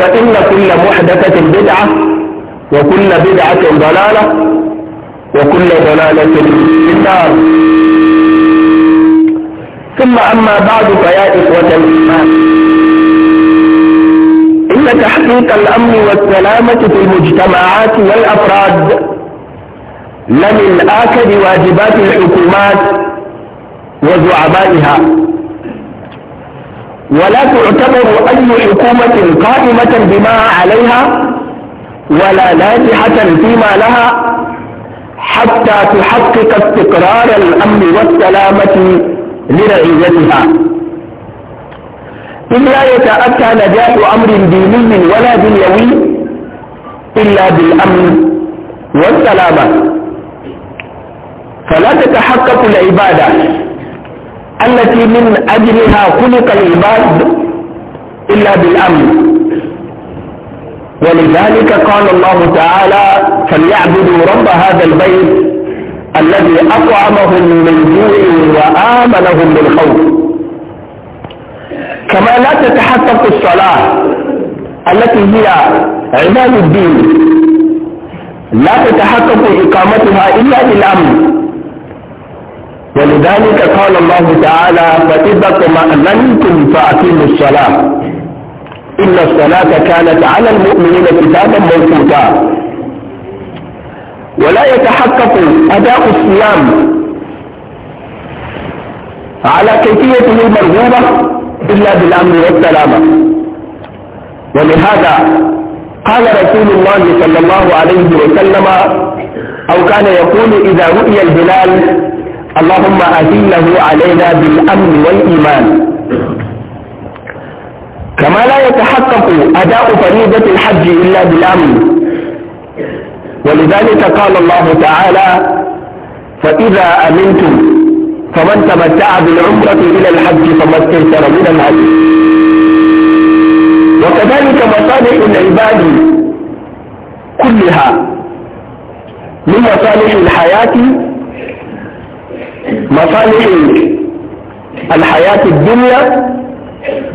فإن كل محدثة بدعة وكل بدعة ضلالة وكل ضلالة في النار ثم أما بعد فيا إخوة الإيمان إن تحقيق الأمن والسلامة في المجتمعات والأفراد لمن آكد واجبات الحكومات وزعمائها ولا تعتبر أي حكومة قائمة بما عليها ولا ناجحة فيما لها حتى تحقق استقرار الأمن والسلامة لرعيتها إن لا يتأتى نجاح أمر ديني ولا دنيوي إلا بالأمن والسلامة فلا تتحقق العبادة التي من أجلها خلق العباد إلا بالأمن ولذلك قال الله تعالى فليعبدوا رب هذا البيت الذي أطعمهم من جوع وآمنهم من خوف كما لا تتحقق الصلاة التي هي عباد الدين لا تتحقق إقامتها إلا بالأمن ولذلك قال الله تعالى فإذا طمأننتم فأقيموا الصلاة إن الصلاة كانت على المؤمنين كتابا موقوتا ولا يتحقق أداء الصيام على كيفيته المرغوبة إلا بالأمن والسلامة ولهذا قال رسول الله صلى الله عليه وسلم أو كان يقول إذا رؤي الهلال اللهم أذله علينا بالأمن والإيمان كما لا يتحقق أداء فريضة الحج إلا بالأمن ولذلك قال الله تعالى فإذا أمنتم فمن تمتع بالعمرة إلى الحج فما استيسر من الحج وكذلك مصالح العباد كلها من مصالح الحياة مصالح الحياة الدنيا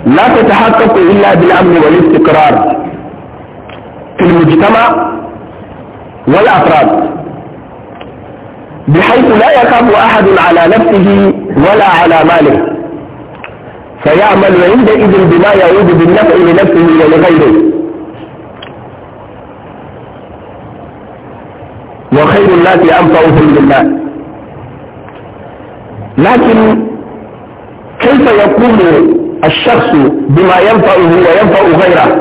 لا تتحقق إلا بالأمن والاستقرار في المجتمع والأفراد بحيث لا يخاف أحد على نفسه ولا على ماله فيعمل عندئذ بما يعود بالنفع لنفسه ولغيره وخير الناس أنفعهم بالله لكن كيف يقوم الشخص بما ينفعه وينفع غيره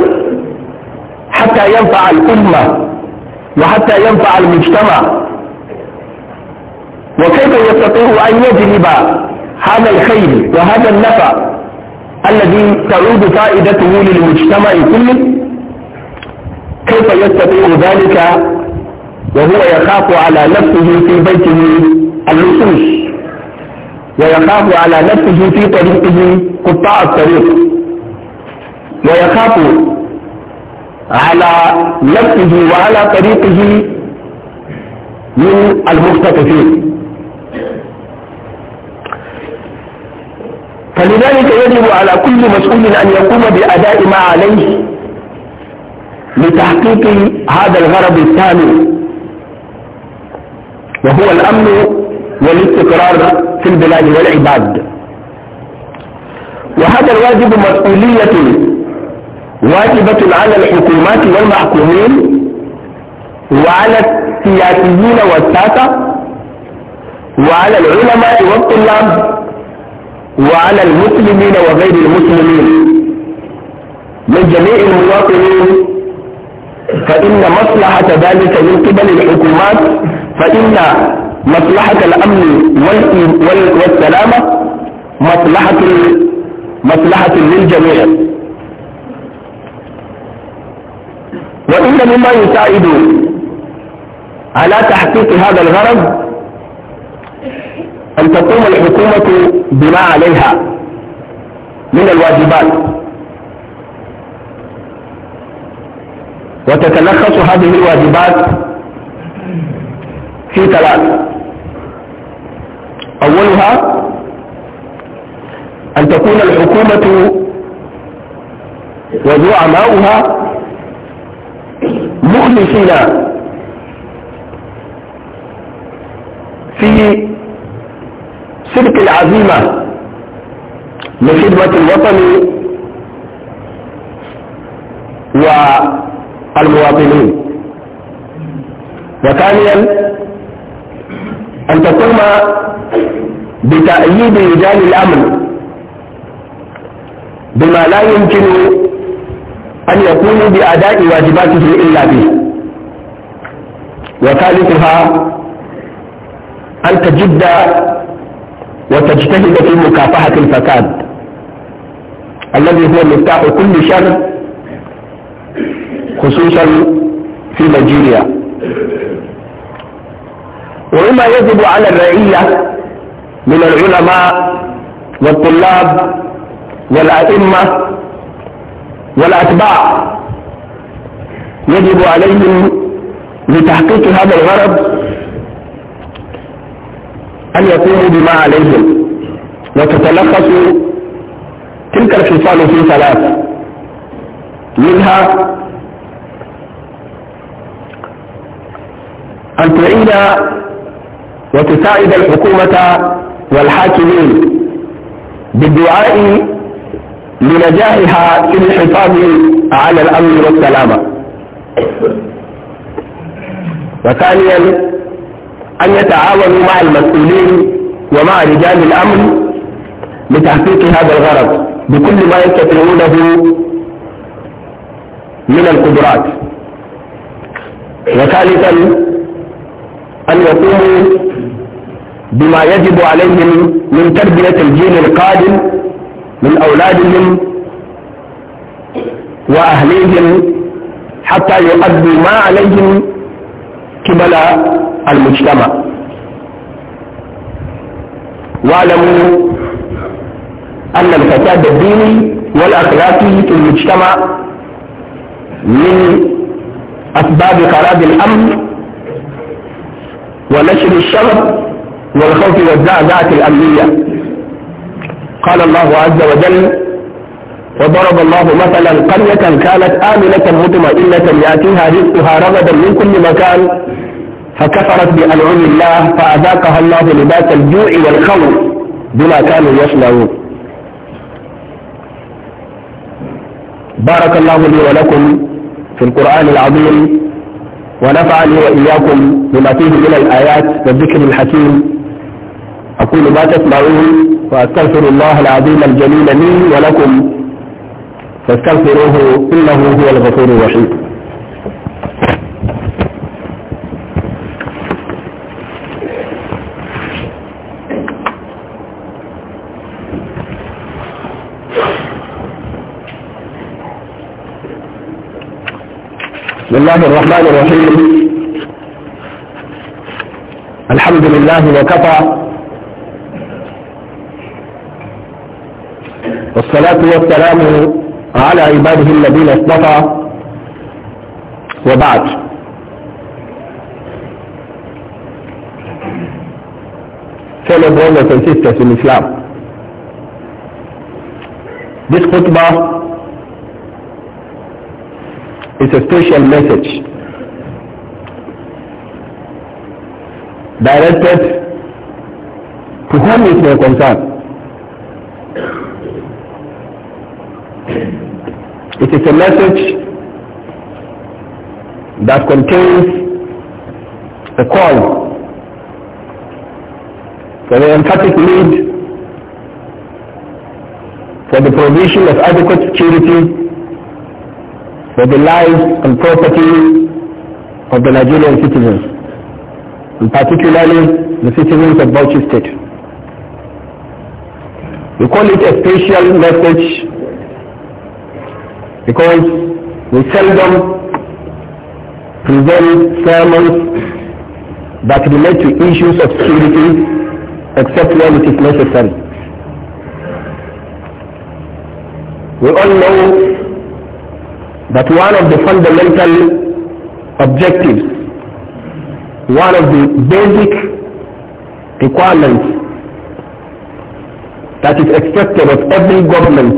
حتى ينفع الأمة وحتى ينفع المجتمع وكيف يستطيع أن يجلب هذا الخير وهذا النفع الذي تعود فائدته للمجتمع كله كيف يستطيع ذلك وهو يخاف على نفسه في بيته اللصوص ويخاف على نفسه في طريقه قطاع الطريق ويخاف على نفسه وعلى طريقه من المختطفين فلذلك يجب على كل مسؤول أن يقوم بأداء ما عليه لتحقيق هذا الغرض الثاني وهو الأمن والاستقرار في البلاد والعباد وهذا الواجب مسؤولية واجبة على الحكومات والمحكومين وعلى السياسيين والساسة وعلى العلماء والطلاب وعلى المسلمين وغير المسلمين من جميع المواطنين فإن مصلحة ذلك من قبل الحكومات فإن مصلحة الأمن والسلامة مصلحة مصلحة للجميع وإن مما يساعد على تحقيق هذا الغرض أن تقوم الحكومة بما عليها من الواجبات وتتلخص هذه الواجبات في ثلاث أولها أن تكون الحكومة وزعماؤها مخلصين في سلك العزيمة لخدمة الوطن والمواطنين وثانيا أن تقوم بتأييد رجال الأمن بما لا يمكن أن يقوموا بأداء واجباتهم إلا به وثالثها أن تجد وتجتهد في مكافحة الفساد الذي هو مفتاح كل شر خصوصا في نيجيريا ومما يجب على الرعية من العلماء والطلاب والأئمة والأتباع يجب عليهم لتحقيق هذا الغرض أن يقوموا بما عليهم وتتلخص تلك الخصال في ثلاث منها أن تعيد وتساعد الحكومة والحاكمين بالدعاء لنجاحها في الحفاظ على الأمن والسلامة وثانيا أن يتعاونوا مع المسؤولين ومع رجال الأمن لتحقيق هذا الغرض بكل ما يستطيعونه من القدرات وثالثا أن يقوموا بما يجب عليه من, من تربية الجيل القادم من أولادهم وأهليهم حتى يؤدوا ما عليهم قبل المجتمع واعلموا أن الفساد الديني والأخلاقي في المجتمع من أسباب خراب الأمن ونشر الشر والخوف والزعزعة الأمنية قال الله عز وجل وضرب الله مثلا قرية كانت آمنة مطمئنة يأتيها رزقها رغدا من كل مكان فكفرت بأنعم الله فأذاقها الله لباس الجوع والخوف بما كانوا يصنعون بارك الله لي ولكم في القرآن العظيم ونفعني وإياكم بما فيه من الآيات والذكر الحكيم أقول ما تسمعون وأستغفر الله العظيم الجليل لي ولكم فاستغفروه إنه هو الغفور الرحيم بسم الله الرحمن الرحيم الحمد لله وكفى والصلاة والسلام على عباده الذين اصطفى وبعد fellow brothers and sisters in Islam this khutbah is a special message directed to whom is my concern It is a message that contains a call for the emphatic need for the provision of adequate security for the lives and property of the Nigerian citizens, and particularly the citizens of Bauchi State. We call it a special message because we seldom present sermons that relate to issues of security except when it is necessary. We all know that one of the fundamental objectives, one of the basic requirements that is expected of every government.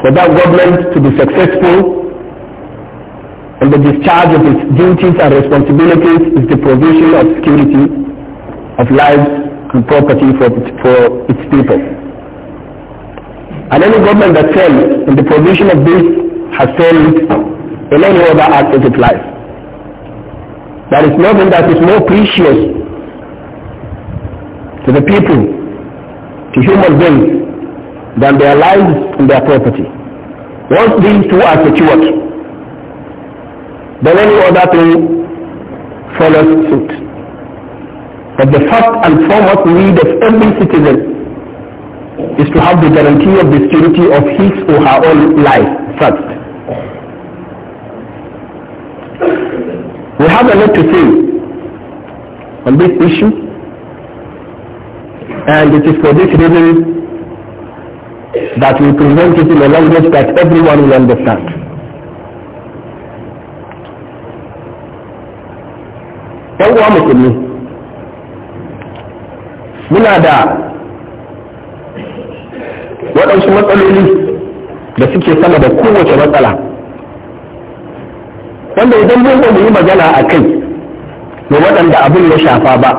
For that government to be successful and the discharge of its duties and responsibilities is the provision of security of lives and property for, for its people. And any government that fails in the provision of this has failed in any other aspect of life. There is nothing that is more precious to the people to human beings than their lives and their property. Once these two are secured, then any other thing follows suit. But the first and foremost need of every citizen is to have the guarantee of the security of his or her own life first. We have a lot to say on this issue And it is for this reason that we present it in a language that everyone will understand. ‘Yan uwa musulmi, muna da waɗansu matsaloli da suke sama da kowace matsala. Wanda idan mun mu yi magana a kai, da waɗanda abin ya shafa ba,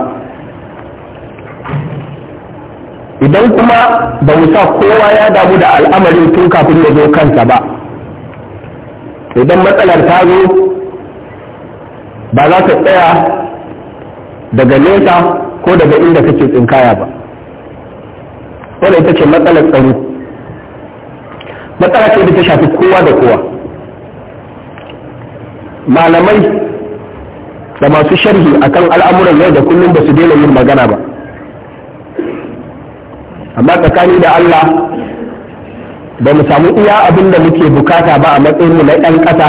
idan kuma ba mu sa kowa ya damu da al'amarin tun kafin ya zo kansa ba idan matsalar ta zo ba za ta tsaya daga nesa ko daga inda kake tsinkaya ba wanda ita ce matsalar tsaro matsala ce da ta shafi kowa da kowa malamai da masu sharhi akan al'amuran yau da kullum ba su daina yin magana ba amma tsakani da Allah ba mu samu iya abin da muke bukata ba a matsayin mu na 'yan ƙasa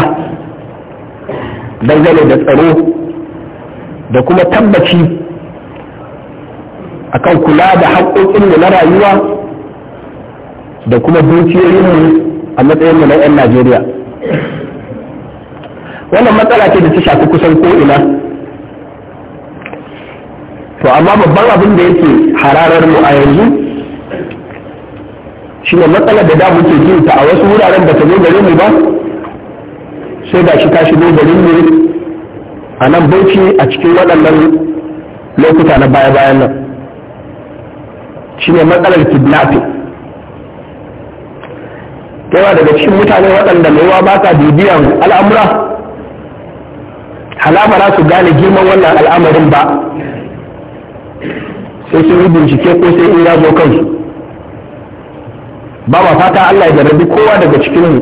dangane da tsaro da kuma tabbaci akan kula da haƙoƙinmu na rayuwa da kuma dukiyoyinmu a matsayin mu na 'yan Najeriya. Wannan matsala ce da ta shafi kusan ko'ina. To, amma babban abin da yake hararar mu a yanzu shi ne matsalar da da muke ji ta a wasu wuraren da ta zo gare mu ba sai ga shi ta shigo garin mu a nan bauchi a cikin waɗannan lokuta na baya-bayan nan shi ne matsalar kidnapping yawa daga cikin mutane waɗanda maiwa ba sa bibiyan al'amura halamara su gane girman wannan al'amarin ba sai sun yi bincike ko sai in ya zo kansu ba fata Allah ya jarrabi kowa daga cikin mu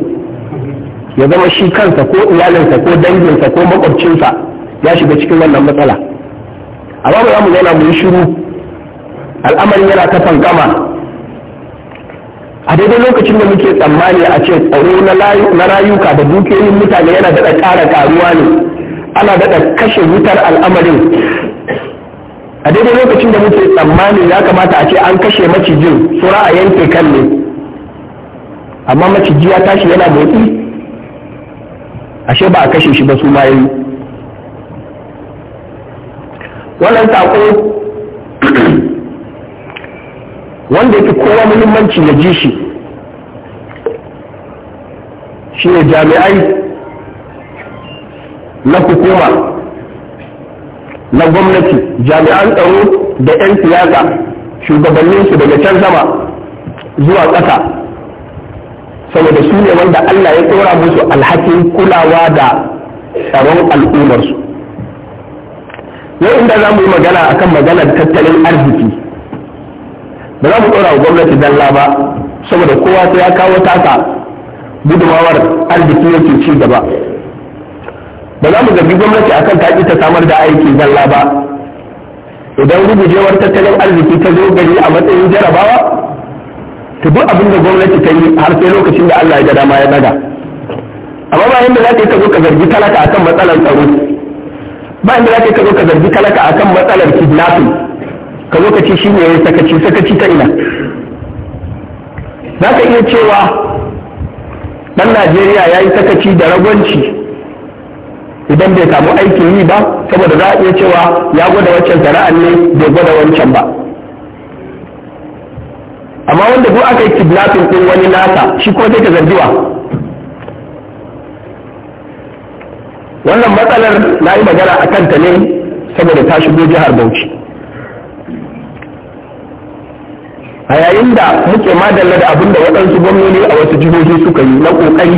ya zama shi kansa ko iyalinsa ko danginsa ko makwabcinsa ya shiga cikin wannan matsala A ba za mu zauna mu yi shiru al'amarin yana ta fankama a daidai lokacin da muke tsammani a ce tsaro na rayuka da dukiyoyin mutane yana daɗa ƙara ƙaruwa ne ana daɗa kashe wutar al'amarin a daidai lokacin da muke tsammani ya kamata a ce an kashe macijin sura a yanke kan ne amma maciji ya tashi yana motsi ashe ba a kashe shi ba su ma yi wannan saƙo wanda yake kowa muhimmanci ya ji shi shi ne jami'ai na hukuma na gwamnati jami'an tsaro da 'yan siyasa shugabanninsu daga can sama zuwa ƙasa saboda su ne wanda Allah ya tsora musu alhakin kulawa da tsaron al'ummarsu yau inda za mu yi magana a akan maganar tattalin arziki ba za mu tsora wa gwamnati dalla ba saboda kowa sai ya kawo tasa gudumawar arziki yake ci gaba ba za mu zargi gwamnati akan ta ta samar da aiki zalla ba idan rugujewar tattalin arziki ta zo gari a matsayin jarabawa ta duk abin da gwamnati ta yi har sai lokacin da Allah ya ga dama ya daga amma ba yanda za ka yi ka zo ka zargi talaka akan matsalar tsaro ba yanda za ka yi ka zo ka zargi talaka akan matsalar kidnapping ka zo ka ce shi ne sakaci sakaci ta ina za ka iya cewa ɗan Najeriya ya yi sakaci da ragwanci idan bai samu aikin yi ba saboda za a iya cewa ya gwada wancan sana'an ne bai gwada wancan ba amma wanda duk aka yi kidnapping din wani nasa shi kuma sai ka zargiwa wannan matsalar na yi magana a kanta ne saboda ta shigo jihar bauchi a yayin da muke madalla da abin da waɗansu gwamnoni a wasu jihohi suka yi na ƙoƙari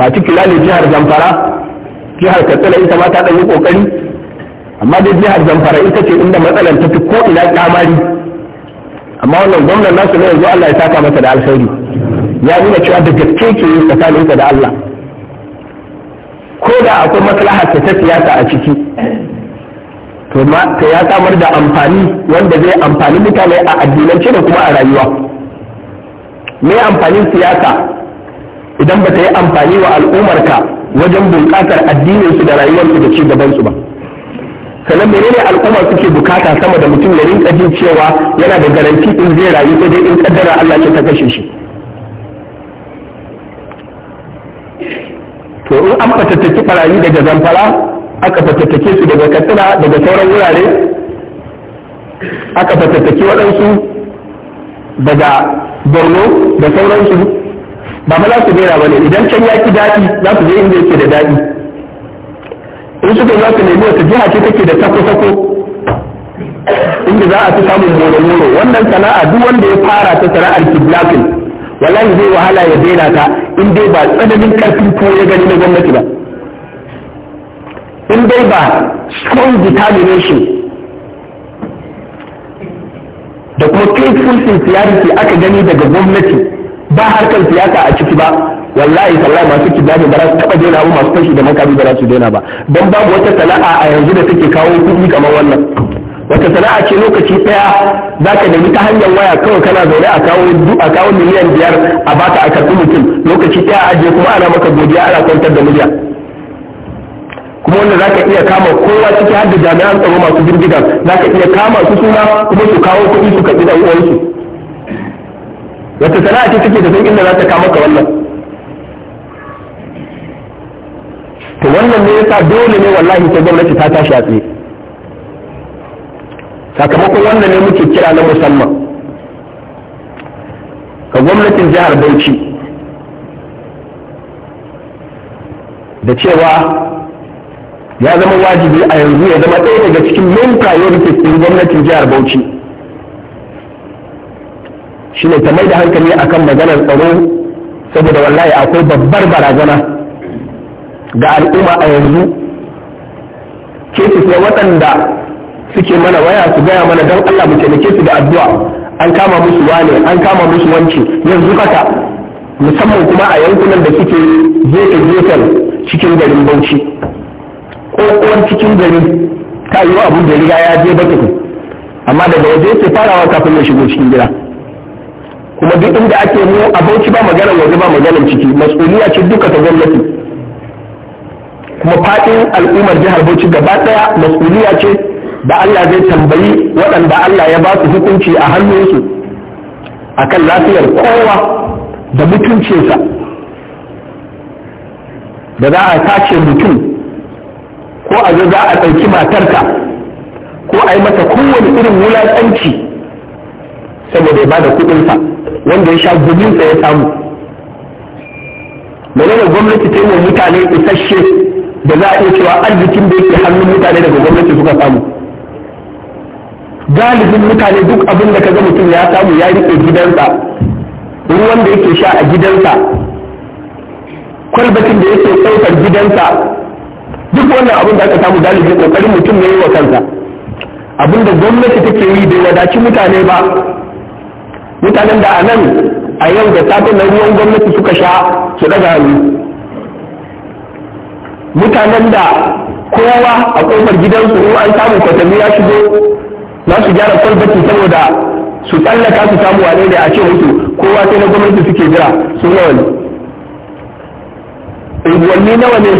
particularly jihar zamfara jihar katsina ita ma ta ɗan yi ƙoƙari amma dai jihar zamfara ita ce inda matsalar ta fi ko ina ƙamari amma wannan gwamnan nasu ne yanzu Allah ya saka masa da alkhairi ya nuna cewa da gaske ke yi tsakaninsa da Allah ko da akwai maslaha ta ta siyasa a ciki to ta ya samar da amfani wanda zai amfani mutane a addinance da kuma a rayuwa me amfanin siyasa idan ba ta yi amfani wa al'ummarka wajen bunƙasar addininsu da rayuwarsu da ci gabansu ba sannan menene al'umma suke bukata sama da mutum ya rinka jin cewa yana da garanti in zai rayu sai dai in kaddara Allah ce ta kashe shi to in an fatattaki barayi daga zamfara aka fatattake su daga katsina daga sauran wurare aka fatattaki waɗansu daga borno da sauransu ba ma za su bera ba ne idan can ya ki daɗi za su je inda yake da daɗi in suka za su nemi wata jiha ce take da sako-sako inda za a fi samun moro-moro wannan sana'a duk wanda ya fara ta sana'ar wala wallahi zai wahala ya daina ta in dai ba tsananin karfin ko ya gani na gwamnati ba in dai ba strong determination da kuma faithful sincerity aka gani daga gwamnati ba harkar siyasa a ciki ba wallahi sallahi masu kidaji ba za su taba daina ba masu kashi da makami ba za su daina ba don babu wata sana'a a yanzu da take kawo kuɗi kamar wannan wata sana'a ce lokaci daya za ka nemi ta hanyar waya kawai kana zaune a kawo a kawo miliyan biyar a baka a karɓi mutum lokaci daya aje kuma ana maka godiya ana kwantar da miliyan kuma wanda za ka iya kama kowa ciki har da jami'an tsaro masu girgidan za ka iya kama su suna kuma su kawo kuɗi su karɓi ɗan uwansu wata sana'a ce take da san inda za ta kama ka wannan to wannan ne yasa dole ne wallahi ta gwamnati ta tashi a tsaye sakamakon wannan ne muke kira na musamman ga gwamnatin jihar bauchi da cewa ya zama wajibi a yanzu ya zama ɗaya daga cikin main priorities ɗin gwamnatin jihar bauchi shine ta mai da hankali akan maganar tsaro saboda wallahi akwai babbar barazana ga al'umma a yanzu ke su sai waɗanda suke mana waya su gaya mana don Allah mu taimake su da addu'a an kama musu wane an kama musu wance yanzu haka musamman kuma a yankunan da suke gefe gefen cikin garin Bauchi ko cikin gari ta yi wa da riga ya je baki amma daga waje yake farawa kafin ya shigo cikin gida kuma duk inda ake mu a Bauchi ba maganar waje ba maganar ciki mas'uliya ce duka ta gwamnati kuma faɗin al'ummar jihar bauchi gaba ɗaya mas'uliya ce da allah zai tambayi waɗanda allah ya ba su hukunci a hannunsu akan lafiyar kowa da mutuncinsa da za a sace mutum ko a zo za a ɗauki matarka ko a yi mata kowane irin wulaƙanci saboda ya ba da kuɗinsa wanda ya sha guminsa ya samu menene gwamnati ta yi wa mutane isasshe da za a iya cewa arzikin da yake hannun mutane daga gwamnati suka samu galibin mutane duk abin da ka ga mutum ya samu ya riƙe gidansa ruwan da yake sha a gidansa kwalbatin da yake ɗaukar gidansa duk wannan abin da aka samu galibin ƙoƙarin mutum ne wa kansa abin da gwamnati take yi bai wadaci mutane ba mutanen da a nan a yau da safe na ruwan gwamnati suka sha su ɗaga hannu mutanen da kowa a kofar gidansu in an samu kwatanni ya shigo za su gyara kwalbati saboda su tsallaka su samu wane ne a ce musu kowa sai na gwamnati suke jira su nawa ne unguwanni nawa ne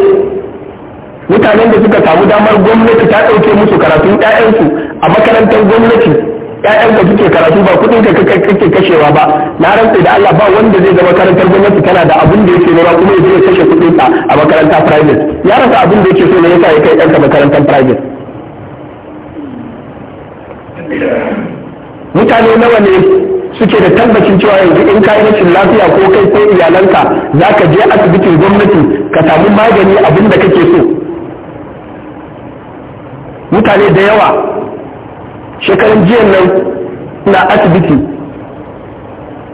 mutanen da suka samu damar gwamnati ta ɗauke musu karatun 'ya'yansu a makarantar gwamnati ƴaƴan da suke karatu ba kuɗin ka kake kashewa ba na rantsa da Allah ba wanda zai ga makarantar gwamnati tana da abin da yake nema kuma ya kashe kuɗin ka a makaranta private ya rasa abin da yake so ne yasa ya kai ɗanka makarantar private mutane nawa ne suke da tabbacin cewa yanzu in ka yi rashin lafiya ko kai ko iyalanka za ka je asibitin gwamnati ka samu magani abin da kake so mutane da yawa shekaran jiyan nan na asibiti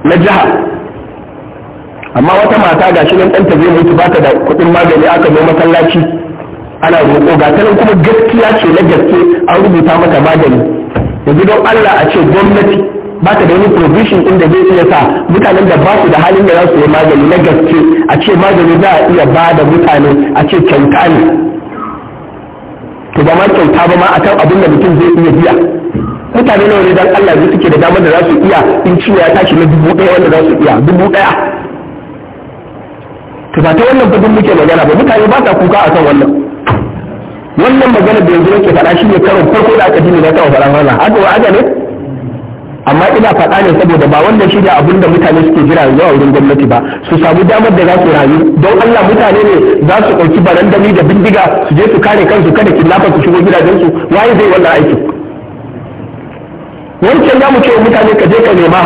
na jiha amma wata mata ga shirin ɗanta zai mutu ba ta da kuɗin magani aka zo masallaci ana roƙo ga ta kuma gaskiya ce na gaske an rubuta mata magani yanzu don Allah a ce gwamnati ba ta da wani provision inda zai iya sa mutanen da ba su da halin da za su yi magani na gaske a ce magani za a iya ba da mutane a ce kyauta ne to ba ma kyauta ba ma akan abin da mutum zai iya biya mutane nawa ne dan Allah ne suke da damar da za su iya in ciwo ya tashi na dubu ɗaya wanda za su iya dubu ɗaya to ba ta wannan fadin muke magana ba mutane ba sa kuka akan wannan wannan magana da yanzu nake faɗa shi ne karo farko da aka dini na tawa faɗa wannan aka wa ne amma ina faɗa ne saboda ba wannan shi ne abin da mutane suke jira zuwa wurin gwamnati ba su samu damar da za su rayu don Allah mutane ne za su ɗauki barandami da bindiga su je su kare kansu kada kidnapper su shigo gidajensu waye zai wannan aiki wancan za mu ce mutane ka je ka nema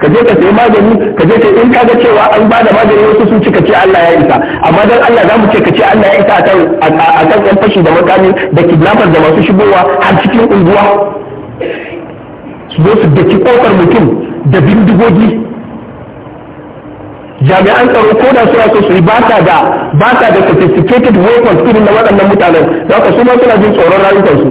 ka je ka sayi magani ka je ka in kaga cewa an ba da magani wasu sun ci ce Allah ya isa amma dan Allah za mu ce ka ce Allah ya isa a kan yan fashi da makami da kidnapper da masu shigowa har cikin unguwa su zo su daki kofar mutum da bindigogi jami'an tsaro ko da suna so su yi basa da basa da sophisticated weapons irin na waɗannan mutanen za ka su ma suna jin tsoron rayukansu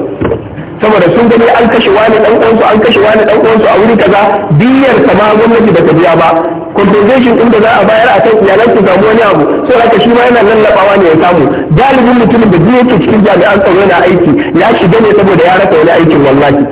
saboda sun gani an kashe wani dan uwansu an kashe wani dan uwansu a wuri kaza biyar ta ma gwamnati ba ta biya ba compensation din da za a bayar a kai iyalan su samu wani abu so haka shi ma yana lallabawa ne ya samu galibin mutumin da duk yake cikin jami'an tsaro yana aiki ya shiga ne saboda ya rasa wani aikin wallahi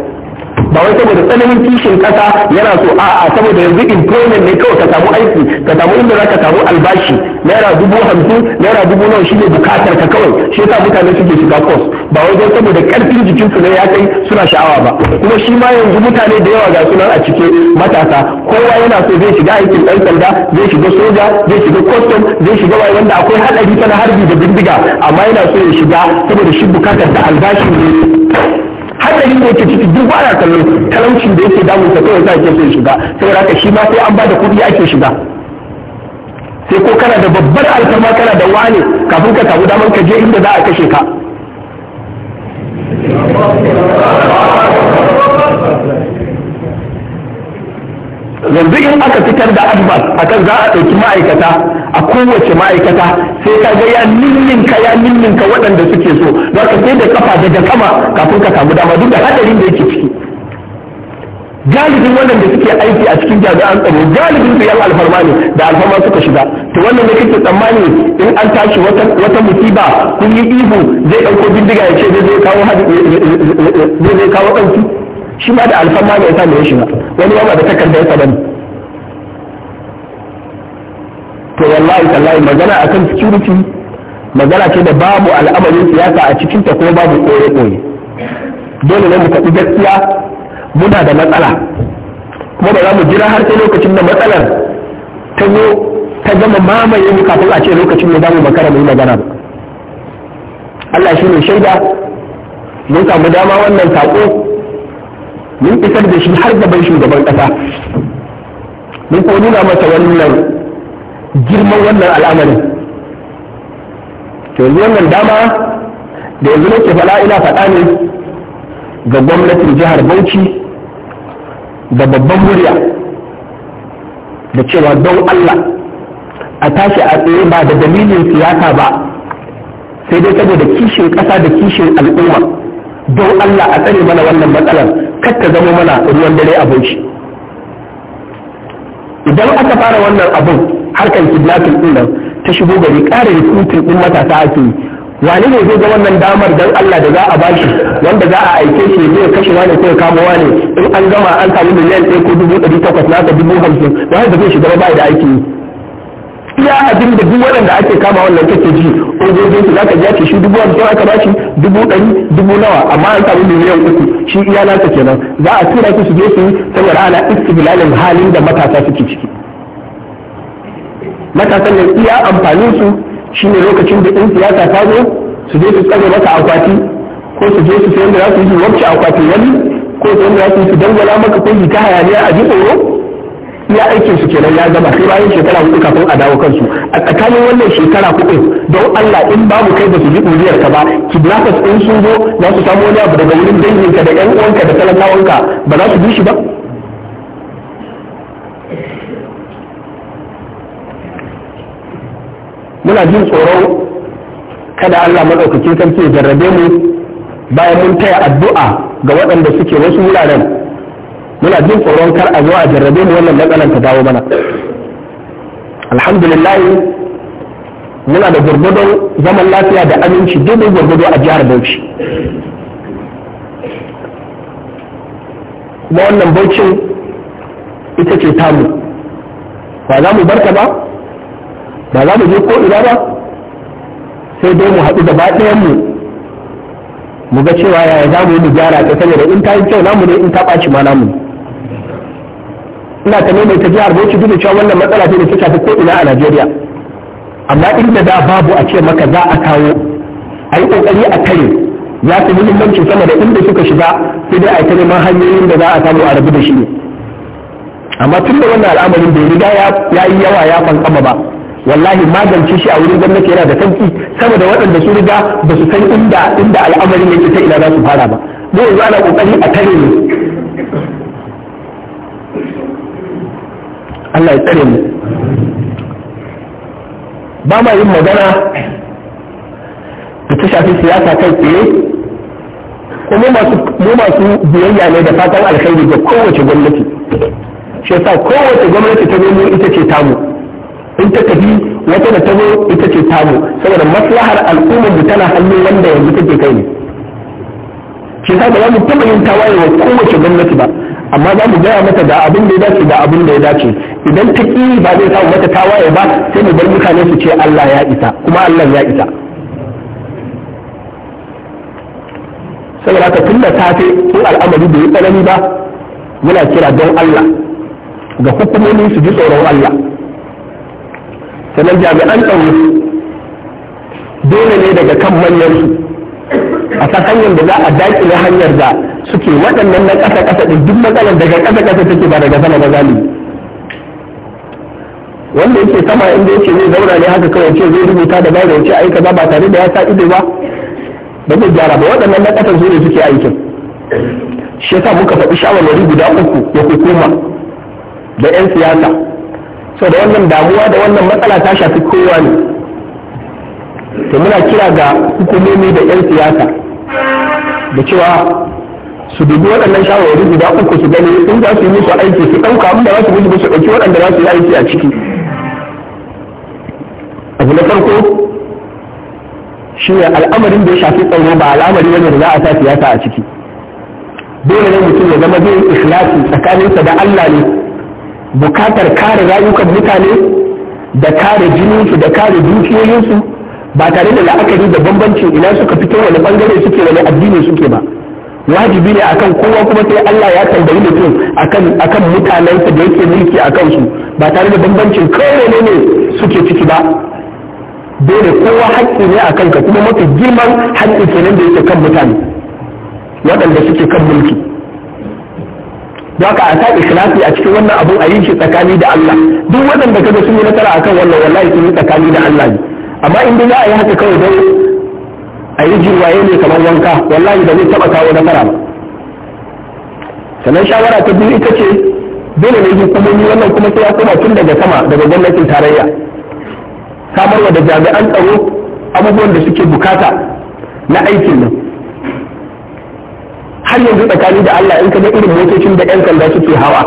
ba wai saboda tsananin kishin kasa yana so a'a saboda yanzu employment ne kawai ka samu aiki ka samu inda za ka samu albashi naira dubu hamsin naira dubu nawa shine bukatar ka kawai shi yasa mutane suke shiga course ba wai don saboda karfin jikin su ne ya kai suna sha'awa ba kuma shi ma yanzu mutane da yawa ga sunan a cike matasa kowa yana so zai shiga aikin ɗan sanda zai shiga soja zai shiga custom zai shiga wai wanda akwai haɗari tana harbi da bindiga amma yana so ya shiga saboda shi bukatar da albashi ne Har da yake ciki duk baya kallo talaucin da yake damun sa kawai sai ke so shiga saboda shi ma sai an bada kuɗi ake shiga sai ko kana da babbar alfarma kana da wane kafin ka samu damar ka je inda za a kashe ka yanzu in aka fitar da advance akan za a ɗauki ma'aikata a kowace ma'aikata sai ka ga ya ninninka ya ninninka waɗanda suke so za ka sai da kafa daga kama kafin ka samu dama duk da hadarin da yake ciki galibin waɗanda suke aiki a cikin jami'an tsaro galibin su yan alfarma ne da alfarma suka shiga to wannan ne kake tsammani in an tashi wata musiba kun yi ihu zai ɗauko bindiga ya ce zai kawo ɗauki shi ma da alfamma bai same shi ba wani ba da takarda ya sabani to wallahi tallahi magana akan security magana ce da babu al'amarin siyasa a cikin ta kuma babu koye koye dole ne mu kaɗi gaskiya muna da matsala kuma ba za mu jira har sai lokacin da matsalar ta zo ta zama mamaye mu kafin a ce lokacin da za mu makara mu yi magana ba Allah shi ne shaida mun samu dama wannan sako. mun isar da shi har gaban shugaban kasa mun ko nuna masa wannan girman wannan alamar. to yanzu wannan dama da yanzu nake fala ina faɗa ne ga gwamnatin jihar Bauchi da babban murya da cewa don Allah a tashi a tsaye ba da dalilin siyasa ba sai dai saboda kishin ƙasa da kishin al'umma don Allah a tsare mana wannan matsalar kar ta zama mana ruwan dare abin shi idan aka fara wannan abin harkar kidnapping ɗinnan, nan ta shigo gari ƙara rikutin ɗin matasa ake yi wani ne zai ga wannan damar dan Allah da za a ba shi wanda za a aike shi zai kashe wani ko kama wani in an gama an samu miliyan ɗaya ko dubu ɗari takwas nasa dubu hamsin wani da zai shiga ba da aiki yi iya abin da duk waɗanda ake kama wannan kake ji ogogin su zaka ji ake shi dubu kyau aka bashi dubu ɗari dubu nawa amma an samu miliyan uku shi iya nasa kenan za a tura su su je su yi saboda ana istiblalin halin da matasa suke ciki matasan nan iya amfanin su shine lokacin da ɗin siyasa ta zo su je su tsare masa akwati ko su je su sayar da za su yi wacce akwatin wani ko da za su yi su dangwala maka ko ta hayaniya a ji tsoro ya aikin su kenan ya zama sai bayan shekara hudu kafin a dawo kansu a tsakanin wannan shekara hudu don Allah in babu kai ba su ji kuriyar ka ba kidnappers in sun zo za su samu wani abu daga wurin ka da ƴan uwanka da talakawanka ba za su bi shi ba muna jin tsoron kada Allah madaukakin sarki ya jarrabe mu bayan mun taya addu'a ga waɗanda suke wasu wuraren muna jin tsoron kar a zo a jarrabe mu wannan matsalar ta dawo mana alhamdulillah muna da gurgudun zaman lafiya da aminci dubin gurgudu a jihar bauchi kuma wannan baucin ita ce tamu ba za mu barka ba ba za mu je ko ina ba sai dai mu haɗu da ɗayan mu mu ga cewa yaya za mu yi mu gyara ta da in ta yi kyau namu ne in ta ɓaci ma namu ne ina ta mai ta jihar bauchi duk da cewa wannan matsala ce da ta shafi ko ina a najeriya amma inda da babu a ce maka za a kawo a yi kokari a kare ya fi muhimmanci sama da inda suka shiga sai dai a yi ta neman hanyoyin da za a samu a rabu da shi ne amma tun da wannan al'amarin bai riga ya yi yawa ya fankama ba wallahi magance shi a wurin gwamnati yana da sauki sama da waɗanda su riga ba su san inda inda al'amarin yake ta ina za su fara ba dole yanzu ana kokari a kare ne Allah ya kare mu ba ma yin magana da ta shafi siyasa kai tsaye ko mu masu biyayya ne da fatan alkhairi ga kowace gwamnati shi yasa kowace gwamnati ta nemo ita ce tamu in ta tafi wata da ta zo ita ce tamu saboda maslahar al'ummar da tana hannun wanda yanzu take kai ne shi yasa ba za mu taɓa yin tawaye wa kowace gwamnati ba amma za mu gaya mata da abin da ya dace da abin da ya dace idan ta ƙi ba zai samu mata tawaye ba sai mu bar mutane su ce Allah ya isa kuma Allah ya isa saboda ka tunda safe tun al'amari bai yi tsanani ba muna kira don Allah ga hukumomi su ji tsoron Allah sannan jami'an tsaro dole ne daga kan manyansu a ta hanyar da za a daƙile hanyar da suke waɗannan na ƙasa-ƙasa ɗin duk matsalar daga ƙasa-ƙasa take ba daga sama ba zalimi wanda yake sama inda yake zai zauna ne haka kawai ce zai rubuta da bayan yace aika ba ba tare da ya sa ido ba ba zai gyara ba waɗannan na ƙasar su ne suke aikin shi yasa muka faɗi shawarwari guda uku da hukuma da 'yan siyasa sau da wannan damuwa da wannan matsala ta shafi kowa ne to muna kira ga hukumomi da 'yan siyasa da cewa su dubi waɗannan shawarwari guda uku su gani in za su yi musu aiki su ɗauka abin da za su musu su ɗauki waɗanda za su yi aiki a ciki abu na farko shi ne al'amarin da ya shafi tsaro ba al'amari wanda da za a sa siyasa a ciki dole ne mutum ya zama zai ikhlasi tsakaninsa da Allah ne bukatar kare rayukan mutane da kare jininsu da kare dukiyoyinsu ba tare da la'akari da bambancin ina suka fito wani bangare suke wani addini suke ba wajibi ne akan kowa kuma sai Allah ya tambayi mutum akan akan mutanensa da yake mulki akan su ba tare da bambancin kawai ne suke ciki ba dole kowa haƙƙi ne a kanka kuma mafi girman haƙƙi kenan da yake kan mutane waɗanda suke kan mulki don haka a sa ikhlasi a cikin wannan abu a yi shi tsakani da Allah duk waɗanda kaga sun yi nasara akan wannan wallahi sun yi tsakani da Allah ne amma in dai za a yi haka kawai don a yi jirwaye ne kamar wanka wallahi da zai taɓa kawo nasara ba sannan shawara ta biyu ita ce dole ne hukumomi wannan kuma sai ya koma tun daga sama daga gwamnatin tarayya samarwa da jami'an tsaro abubuwan da suke bukata na aikin nan har yanzu tsakani da Allah in kaga irin motocin da 'yan sanda suke hawa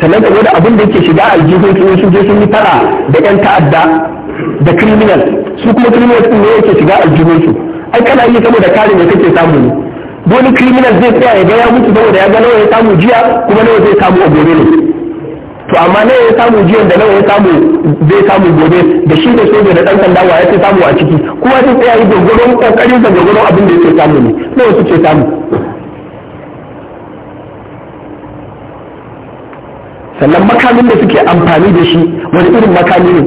sannan ka da abin da yake shiga aljihun sun je sun yi fara da 'yan ta'adda da criminal su kuma criminal sun ne yake shiga aljihun su ai kana yi saboda kare ne kake samu ne wani criminal zai tsaya ya ga ya mutu saboda ya ga nawa ya samu jiya kuma nawa zai samu a gobe ne to amma nawa ya samu jiyan da nawa ya samu zai samu gobe da shi da soja da dan sanda wa ya samu a ciki kuma zai tsaya yi gurgurun kokarin da gurgurun abin da yake samu ne nawa suke samu sannan makamin da suke amfani da shi wani irin makami ne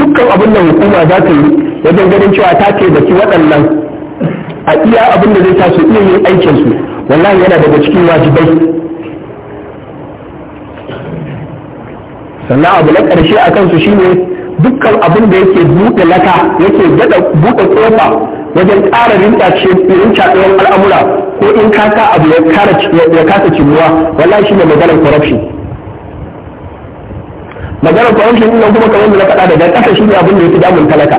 dukkan abin da hukuma za ta yi wajen ganin cewa ta taimaki waɗannan a iya abin da zai taso iya yin aikinsu wallahi yana daga cikin wajibai sannan abu na ƙarshe a kansu shi ne dukkan abin da yake buɗe laka yake gada buɗe ƙofa wajen ƙara rintace irin caɗewar al'amura ko in kasa abu ya kasa cimuwa wallahi ne maganar corruption maganar corruption ina kuma kamar da na faɗa daga ƙasa shine abin da yake damun talaka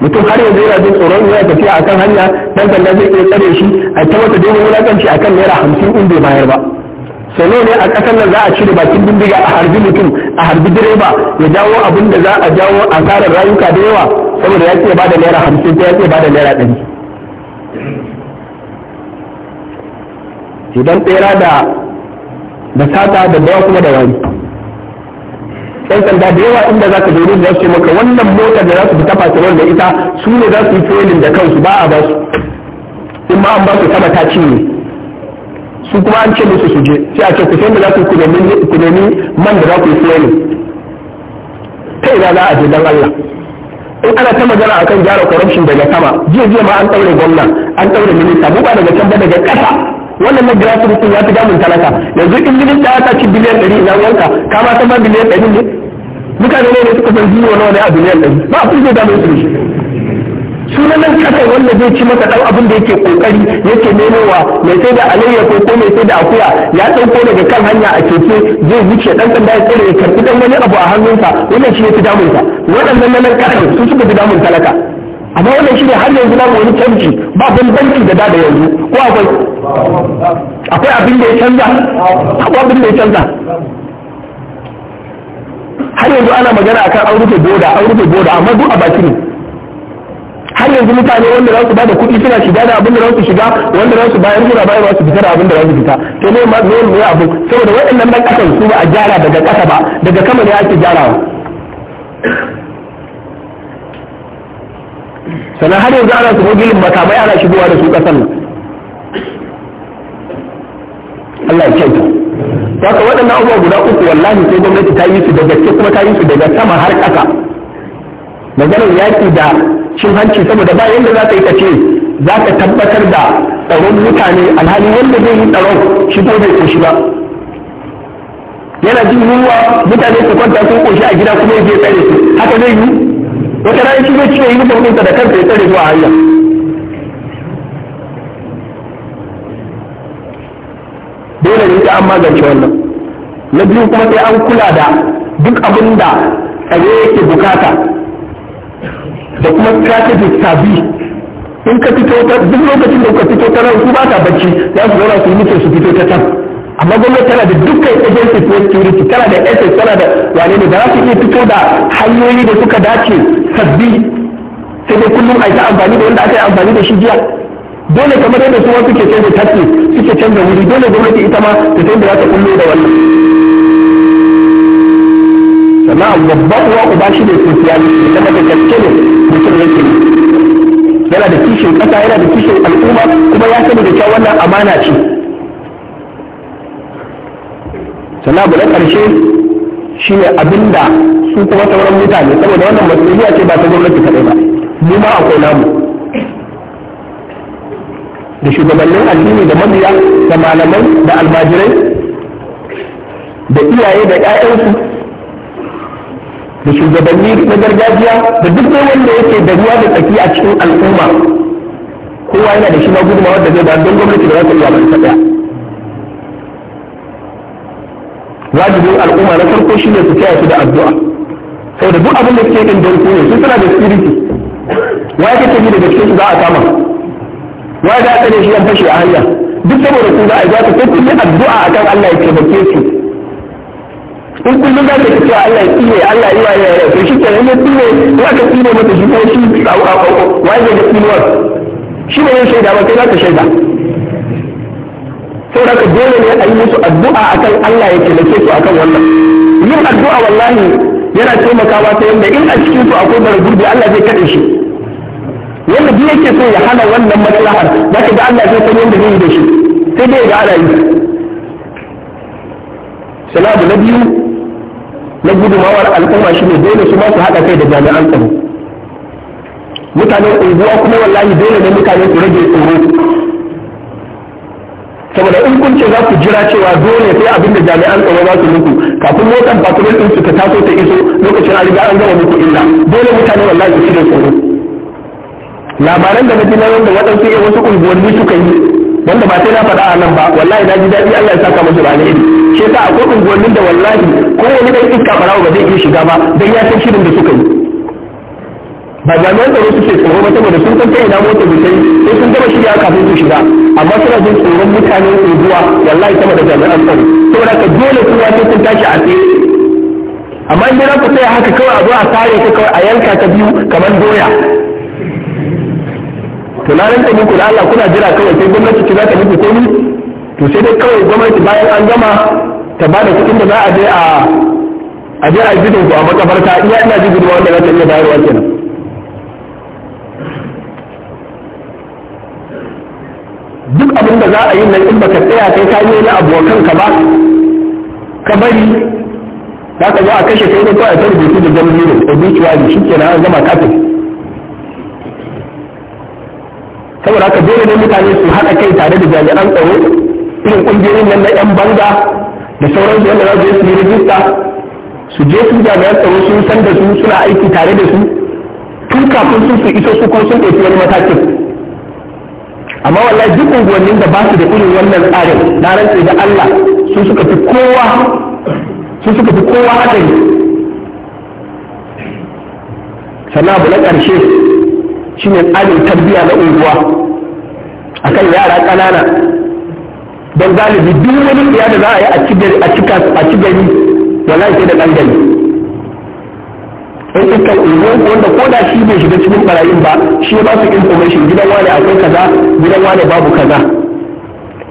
mutum har yanzu yana jin tsoron yana tafiya akan hanya dan sanda zai iya tsare shi a ta wata dogon wulakanci akan naira hamsin in bai bayar ba sane ne a ƙasar nan za a cire bakin bindiga a harbi mutum a harbi direba ya jawo abin da za a jawo asarar rayuka da yawa saboda ya ce ba da naira hamsin ta ya ce ba da naira ɗari idan tsera da da sata da dawa kuma da wani ɗan sanda da yawa inda za ka zo da su maka wannan motar da za su fita fasirar da ita su ne za su yi tsohonin da kansu ba a ba su in ma an ba su sama ta cinye su kuma an ce musu su je sai a ce ku sai da za ku nemi man da za ku yi ne ta ina za a je don Allah in ana ta magana akan gyara corruption daga sama jiya jiya ma an ɗaure gwamna an ɗaure minista mu ba daga can ba daga ƙasa wannan na grassroots ya fi damun talaka yanzu in minista ya ci biliyan ɗari ina wanka ka ma san ma biliyan ɗari ne mutane ne suka san biyo nawa ne a biliyan ɗari ba a fi zai damun su ne sunanan kasar wanda zai ci masa dan abin da yake kokari yake nemowa mai sai da alayya ko ko mai sai da akuya ya dauko daga kan hanya a keke zai wuce dan da ya tsare ya karbi dan wani abu a hannunsa wannan shi yake damun sa waɗannan nan kasar su suka fi damun talaka amma wannan shi ne har yanzu na wani canji ba bambanci da da da yanzu ko akwai akwai abin da ya canza akwai abin da ya canza har yanzu ana magana akan aure rufe boda aure boda amma duk a baki ne har yanzu mutane wanda za su bada kuɗi suna shiga da abin da za su shiga wanda za su bayar suna bayarwa su fita da abin da za su fita to ne ma ne ne abu saboda waɗannan ɗan ƙasan su ba a gyara daga ƙasa ba daga kama ne ake gyarawa sannan har yanzu ana shigo gilin makamai ana shigowa da su ƙasan nan Allah ya kyauta haka waɗannan abubuwa guda uku wallahi sai gwamnati ta yi su daga ce kuma ta yi su daga sama har ƙasa maganar yaƙi da cin hanci saboda ba yanda za ka yi kace ce za ka tabbatar da tsaron mutane alhali wanda zai yi tsaron shi ko bai koshi ba yana jin yunwa mutane su kwanta sun koshi a gida kuma yake tsare su haka zai yi wata rayu shi zai cire yunifom ɗinsa da kansa ya tsare zuwa a hanya dole ne sai an magance wannan na biyu kuma sai an kula da duk abin da tsaye yake bukata da kuma da tabi in ka fito ta duk lokacin da ka fito ta nan su ba ta bacci za su zauna su yi mutum su fito ta can amma gwamnati tana da dukkan agency for security tana da SS tana da wane ne za su iya fito da hanyoyi da suka dace sabbi sai dai kullum a yi amfani da wanda aka yi amfani da shi jiya dole kamar yadda su wasu ke canza tafi suke canza wuri dole gwamnati ita ma ta canza za ta kullo da wannan sannan babban ku uba shi ne sosiyali da kuma da gaske ne mutum yake yana da kishin kasa yana da kishin al'umma kuma ya sani da kyau wannan amana ce sannan abu na ƙarshe shi ne abinda su kuma sauran mutane saboda wannan masuliya ce ba ta gwamnati kaɗai ba mu ma akwai namu da shugabannin addini da mabiya da malamai da almajirai da iyaye da 'ya'yansu da shugabanni na gargajiya da duk dai wanda yake da ruwa da tsaki a cikin al'umma kowa yana da shi ma gudunmawar da zai ba don gwamnati da za ta iya manta daya wajibin al'umma na farko shi ne su kiyaye su da addu'a sau da duk abin da suke din don ne su suna da security waya kake bi daga cikin su za a kama waya da aka tsare shi yan fashe a hanya duk saboda su za a yi za kullum addu'a akan Allah ya taimake su in kullum za ka cewa Allah ya tsine Allah ya yi ya to shi ke nan ya tsine za ka tsine mata shi ko shi Wa ya zai ga tsinuwar shi ne ya shaida ba kai za ka shaida sai da dole ne a yi musu addu'a akan Allah ya taimake su akan wannan yin addu'a wallahi yana taimakawa ta yadda in a cikin su akwai bara gurbi Allah zai kaɗe shi wanda duk yake so ya hana wannan maslahar za ka ga Allah zai san yadda zai yi da shi sai dai ga ana yi salamu na biyu na gudunmawar al'umma shi ne dole su masu haɗa kai da jami'an tsaro mutanen unguwa kuma wallahi dole ne mutane su rage tsoro saboda in kun za ku jira cewa dole sai abin da jami'an tsaro za su muku kafin motar patrol din su ta taso ta iso lokacin an riga an gama muku illa dole mutane wallahi su da tsoro labaran da na ji na wanda waɗansu irin wasu unguwanni suka yi wanda ba sai na faɗa a nan ba wallahi na ji daɗi Allah ya saka musu da alheri shi yasa akwai unguwannin da wallahi wani dan iska barawa ba zai iya shiga ba dan ya san shirin da suka yi ba jami'an tsaro suke tsoro ba saboda sun san kai ina mota bisai sai sun gama shirya kafin su shiga amma suna jin tsoron mutanen unguwa wallahi sama da jami'an tsaro saboda ka dole kowa sai sun tashi a tsaye amma in dai za ku tsaya haka kawai a zo a sare ka kawai a yanka ta biyu kamar doya to na ranka muku da Allah kuna jira kawai sai gwamnati ki za ta muku komi to sai dai kawai gwamnati bayan an gama ta ba da kuɗin da za a je a a je a gidan ku a makabarta iya ina ji gudunma wanda za ta iya bayarwa kenan duk abin da za a yi nan in baka tsaya kai ka yi na abokan ka ba ka bari za ka zo a kashe kai ne kawai ta rubutu da gwamnati da dukiya shi kenan an gama kafin saboda haka dole ne mutane su haɗa kai tare da jami'an tsaro irin ƙungiyoyin nan na 'yan banga da su yadda za su je su yi rajista su je su jami'an tsaro sun san da su suna aiki tare da su tun kafin sun su iso su kuma sun ɗauki wani matakin amma wallahi duk unguwannin da ba su da irin wannan tsarin na rantse da Allah su suka fi kowa su suka fi kowa haɗari sannan abu na ƙarshe shine tsarin tarbiyya na unguwa akan yara ƙanana don galibi duk wani ya da za a yi a cigari a ke gari da ɗan in iskan unguwa wanda ko da shi bai shiga cikin barayin ba shi ba su information gidan wani akwai kaza gidan wani babu kaza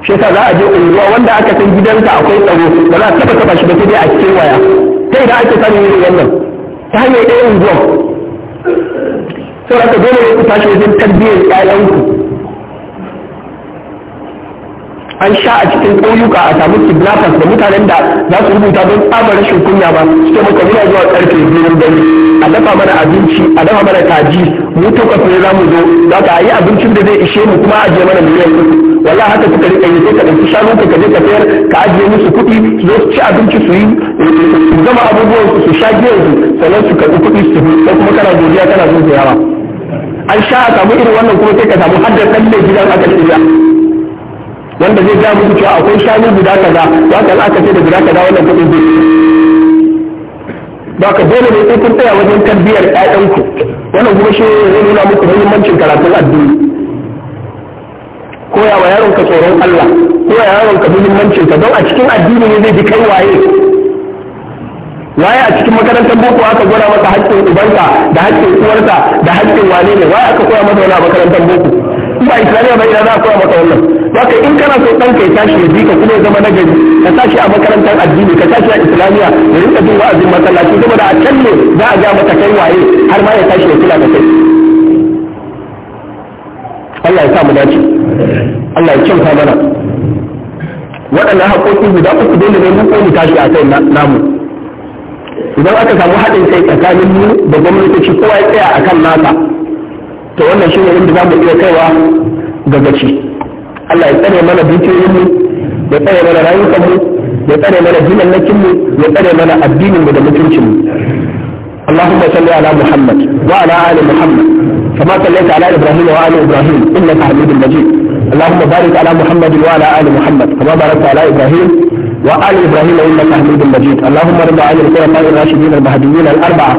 shi yasa za a je unguwa wanda aka san gidansa akwai tsaro ba za a taba taba shi ba sai dai a waya sai da ake samun irin wannan ta hanyar ɗaya unguwa sau da dole ne ku tashi wajen tarbiyyar ƴaƴanku an sha a cikin koyuka a samu kidnappers da mutanen da za su rubuta don tsabar rashin kunya ba su ce maka muna zuwa ƙarfe biyu dare a dafa mana abinci a dafa mana kaji mu takwas ne za mu zo za ka yi abincin da zai ishe mu kuma ajiye mana miliyan uku wala haka suka rika yi sai ka ɗauki shanu ka je ka sayar ka ajiye musu kuɗi su zo su ci abinci su yi su gama abubuwan su sha giyan su sannan su karɓi kuɗi su ko kuma kana godiya kana zuwa an sha a samu irin wannan kuma sai ka samu haddar ɗan mai gidan aka shirya wanda zai ja muku cewa akwai shanu guda kaza za ka aka ce da guda kaza wannan kuɗin zai ba ka dole ne sai kun tsaya wajen tarbiyyar ƴaƴanku wannan kuma shi zai nuna muku muhimmancin karatun addini koya wa ka tsoron Allah koya yaron ka muhimmancin ka don a cikin addini ne zai ji kai waye waye a cikin makarantar boko aka gwada masa haƙƙin ubanka da haƙƙin uwarka da haƙƙin wane ne waye aka koya masa wani a makarantar boko ba islamiya ba ina za a koya masa wannan haka in kana so ɗan kai tashi ya jika kuma ya zama nagari ka tashi a makarantar addini ka tashi a islamiya ya rinka jin wa'azin masallaci saboda a can ne za a ga maka kai waye har ma ya tashi ya kula da kai Allah ya sa mu dace Allah ya kyauta mana waɗannan haƙoƙin guda uku dole ne mun koyi tashi a kai namu idan aka samu haɗin kai tsakanin mu da gwamnatoci kowa ya tsaya a kan nasa to wannan shi ne inda za mu iya kaiwa ga gaci Allah ya tsare mana dukiyoyinmu ya tsare mana rayukanmu ya tsare mana jinallakinmu ya tsare mana addininmu da mutuncinmu اللهم صل على محمد وعلى ال محمد كما صليت على ابراهيم وعلى ابراهيم انك حميد مجيد اللهم بارك على محمد وعلى ال محمد كما باركت على ابراهيم وآل إبراهيم إنك حميد مجيد اللهم ارض عن الخلفاء الراشدين المهديين الأربعة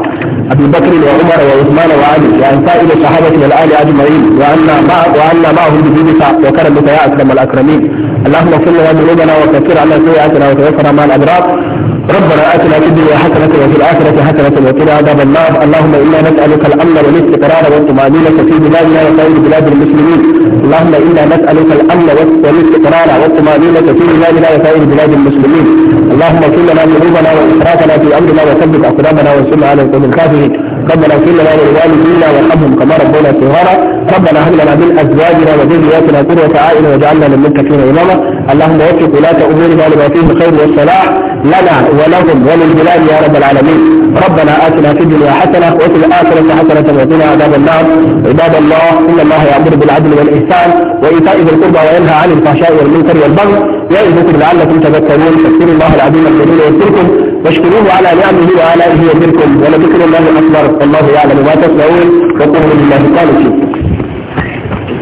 أبي بكر وعمر وعثمان وعلي وعن سائر الصحابة والآل أجمعين وعنا مع وعنا معهم بجودك وكرمك يا أكرم الأكرمين اللهم صل لنا ذنوبنا وكفر عنا سيئاتنا وتوفنا مع الأبرار ربنا آتنا في الدنيا حسنة وفي الآخرة حسنة وقنا عذاب النار اللهم إنا نسألك الأمن والاستقرار والطمأنينة في بلادنا وسائر بلاد المسلمين اللهم إنا نسألك الأمن والاستقرار والطمأنينة في بلادنا وسائر بلاد المسلمين اللهم كلنا ذنوبنا وإسرافنا في أمرنا وثبت أقدامنا وانصرنا على القوم الكافرين ربنا اغفر لنا ولوالدينا وارحمهم كما ربنا صغارا ربنا هب لنا من ازواجنا وذرياتنا قرة عائلة واجعلنا للمتقين اماما اللهم وفق ولاة امورنا لما فيه الخير والصلاح لنا ولهم وللبلاد يا رب العالمين ربنا اتنا في الدنيا حسنه وفي الاخره حسنه وقنا عذاب النار عباد الله ان الله يامر بالعدل والاحسان وايتاء ذي القربى وينهى عن الفحشاء والمنكر والبغي يا يعظكم لعلكم تذكرون فاذكروا الله العظيم الجليل يذكركم واشكروه على نعمه وآلائه يذكركم ولذكر الله أكبر والله يعلم ما تصنعون وقولوا لله قانتين